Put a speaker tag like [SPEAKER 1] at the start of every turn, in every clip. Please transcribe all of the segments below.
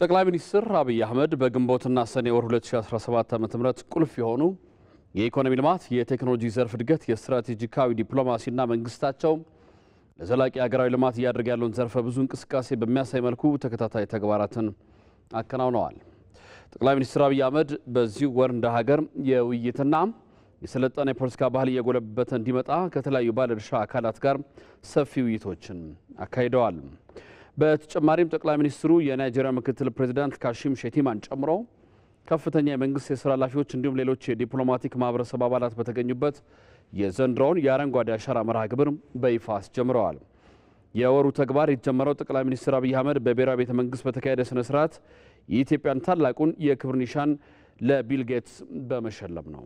[SPEAKER 1] ጠቅላይ ሚኒስትር አብይ አህመድ በግንቦትና ሰኔ ወር 2017 ዓ.ም ቁልፍ የሆኑ የኢኮኖሚ ልማት፣ የቴክኖሎጂ ዘርፍ እድገት፣ የስትራቴጂካዊ ዲፕሎማሲና መንግስታቸው ለዘላቂ ሀገራዊ ልማት እያደረገ ያለውን ዘርፈ ብዙ እንቅስቃሴ በሚያሳይ መልኩ ተከታታይ ተግባራትን አከናውነዋል። ጠቅላይ ሚኒስትር አብይ አህመድ በዚህ ወር እንደ ሀገር የውይይትና የሰለጠነ የፖለቲካ ባህል እየጎለበተ እንዲመጣ ከተለያዩ ባለድርሻ አካላት ጋር ሰፊ ውይይቶችን አካሂደዋል። በተጨማሪም ጠቅላይ ሚኒስትሩ የናይጄሪያ ምክትል ፕሬዚዳንት ካሺም ሼቲማን ጨምሮ ከፍተኛ የመንግስት የስራ ኃላፊዎች እንዲሁም ሌሎች የዲፕሎማቲክ ማህበረሰብ አባላት በተገኙበት የዘንድሮውን የአረንጓዴ አሻራ መርሃ ግብር በይፋ አስጀምረዋል። የወሩ ተግባር የተጀመረው ጠቅላይ ሚኒስትር አብይ አህመድ በብሔራዊ ቤተ መንግስት በተካሄደ ስነ ስርዓት የኢትዮጵያን ታላቁን የክብር ኒሻን ለቢል ጌትስ በመሸለም ነው።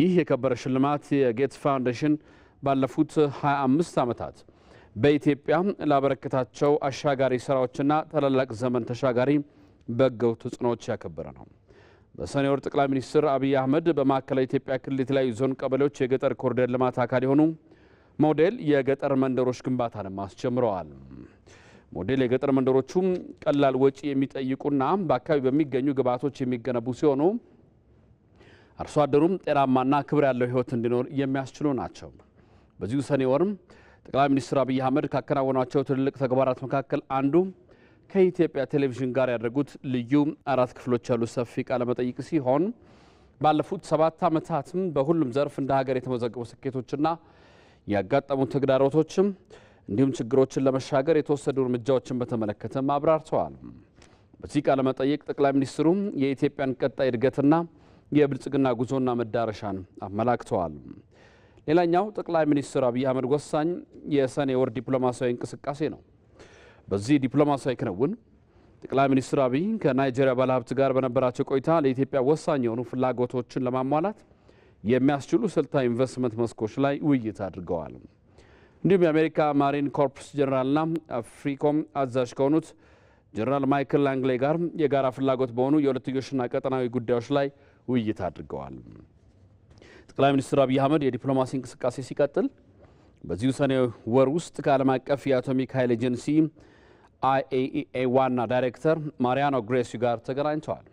[SPEAKER 1] ይህ የከበረ ሽልማት የጌትስ ፋውንዴሽን ባለፉት 25 ዓመታት በኢትዮጵያ ላበረከታቸው አሻጋሪ ስራዎችና ታላላቅ ዘመን ተሻጋሪ በገው ተጽዕኖዎች ያከበረ ነው። በሰኔ ወር ጠቅላይ ሚኒስትር አብይ አህመድ በማዕከላዊ ኢትዮጵያ ክልል የተለያዩ ዞን ቀበሌዎች የገጠር ኮሪደር ልማት አካል የሆኑ ሞዴል የገጠር መንደሮች ግንባታንም አስጀምረዋል። ሞዴል የገጠር መንደሮቹም ቀላል ወጪ የሚጠይቁና በአካባቢ በሚገኙ ግብዓቶች የሚገነቡ ሲሆኑ አርሶ አደሩም ጤናማና ክብር ያለው ሕይወት እንዲኖር የሚያስችሉ ናቸው። በዚሁ ሰኔ ወርም ጠቅላይ ሚኒስትር አብይ አህመድ ካከናወኗቸው ትልልቅ ተግባራት መካከል አንዱ ከኢትዮጵያ ቴሌቪዥን ጋር ያደረጉት ልዩ አራት ክፍሎች ያሉ ሰፊ ቃለመጠይቅ ሲሆን ባለፉት ሰባት ዓመታትም በሁሉም ዘርፍ እንደ ሀገር የተመዘገቡ ስኬቶችና ያጋጠሙ ተግዳሮቶችም እንዲሁም ችግሮችን ለመሻገር የተወሰዱ እርምጃዎችን በተመለከተም አብራርተዋል። በዚህ ቃለመጠይቅ ጠቅላይ ሚኒስትሩ የኢትዮጵያን ቀጣይ እድገትና የብልጽግና ጉዞና መዳረሻን አመላክተዋል። ሌላኛው ጠቅላይ ሚኒስትር አብይ አህመድ ወሳኝ የሰኔ ወር ዲፕሎማሲያዊ እንቅስቃሴ ነው። በዚህ ዲፕሎማሲያዊ ክንውን ጠቅላይ ሚኒስትር አብይ ከናይጄሪያ ባለሀብት ጋር በነበራቸው ቆይታ ለኢትዮጵያ ወሳኝ የሆኑ ፍላጎቶችን ለማሟላት የሚያስችሉ ስልታዊ ኢንቨስትመንት መስኮች ላይ ውይይት አድርገዋል። እንዲሁም የአሜሪካ ማሪን ኮርፕስ ጀኔራልና አፍሪኮም አዛዥ ከሆኑት ጀኔራል ማይክል ላንግሌ ጋር የጋራ ፍላጎት በሆኑ የሁለትዮሽና ቀጠናዊ ጉዳዮች ላይ ውይይት አድርገዋል። ጠቅላይ ሚኒስትር አብይ አህመድ የዲፕሎማሲ እንቅስቃሴ ሲቀጥል በዚሁ ሰኔ ወር ውስጥ ከዓለም አቀፍ የአቶሚክ ኃይል ኤጀንሲ አይኤኢኤ e ዋና ዳይሬክተር ማሪያኖ ግሬሲ ጋር ተገናኝተዋል።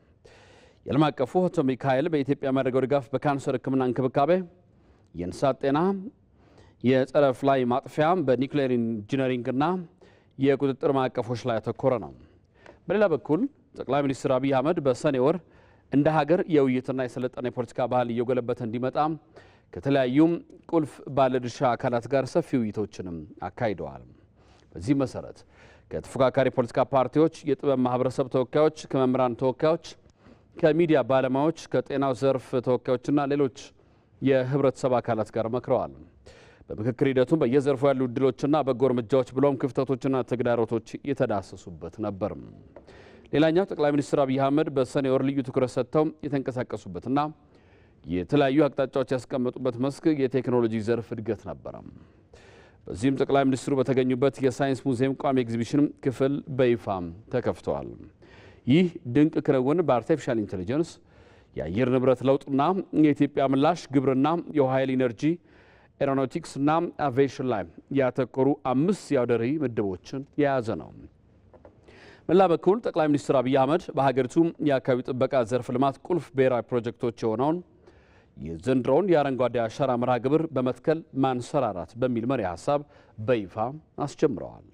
[SPEAKER 1] የዓለም አቀፉ አቶሚክ ኃይል በኢትዮጵያ የሚያደርገው ድጋፍ በካንሰር ሕክምና እንክብካቤ፣ የእንስሳት ጤና፣ የጸረ ፍላይ ማጥፊያ፣ በኒውክሌር ኢንጂነሪንግና የቁጥጥር ማዕቀፎች ላይ ያተኮረ ነው። በሌላ በኩል ጠቅላይ ሚኒስትር አብይ አህመድ በሰኔ ወር እንደ ሀገር የውይይትና የሰለጠነ የፖለቲካ ባህል እየጎለበተ እንዲመጣ ከተለያዩም ቁልፍ ባለድርሻ አካላት ጋር ሰፊ ውይይቶችንም አካሂደዋል። በዚህ መሰረት ከተፎካካሪ የፖለቲካ ፓርቲዎች፣ የጥበብ ማህበረሰብ ተወካዮች፣ ከመምህራን ተወካዮች፣ ከሚዲያ ባለሙያዎች፣ ከጤናው ዘርፍ ተወካዮችና ሌሎች የህብረተሰብ አካላት ጋር መክረዋል። በምክክር ሂደቱም በየዘርፉ ያሉ እድሎችና በጎ እርምጃዎች ብሎም ክፍተቶችና ተግዳሮቶች የተዳሰሱበት ነበር። ሌላኛው ጠቅላይ ሚኒስትር አብይ አህመድ በሰኔ ወር ልዩ ትኩረት ሰጥተው የተንቀሳቀሱበትና የተለያዩ አቅጣጫዎች ያስቀመጡበት መስክ የቴክኖሎጂ ዘርፍ እድገት ነበረ። በዚህም ጠቅላይ ሚኒስትሩ በተገኙበት የሳይንስ ሙዚየም ቋሚ ኤግዚቢሽን ክፍል በይፋ ተከፍተዋል። ይህ ድንቅ ክንውን በአርቲፊሻል ኢንቴሊጀንስ፣ የአየር ንብረት ለውጥና የኢትዮጵያ ምላሽ፣ ግብርና፣ የውሃ ኃይል፣ ኢነርጂ፣ ኤሮናውቲክስና አቪዬሽን ላይ ያተኮሩ አምስት የአውደ ርዕይ ምድቦችን የያዘ ነው። በሌላ በኩል ጠቅላይ ሚኒስትር አብይ አህመድ በሀገሪቱ የአካባቢ ጥበቃ ዘርፍ ልማት ቁልፍ ብሔራዊ ፕሮጀክቶች የሆነውን የዘንድሮውን የአረንጓዴ አሻራ መርሃ ግብር በመትከል ማንሰራራት በሚል መሪ ሀሳብ በይፋ አስጀምረዋል።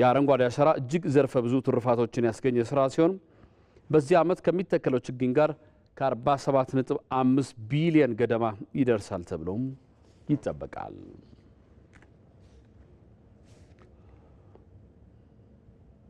[SPEAKER 1] የአረንጓዴ አሻራ እጅግ ዘርፈ ብዙ ትሩፋቶችን ያስገኘ ስራ ሲሆን በዚህ ዓመት ከሚተከለው ችግኝ ጋር ከ47.5 ቢሊዮን ገደማ ይደርሳል ተብሎም ይጠበቃል።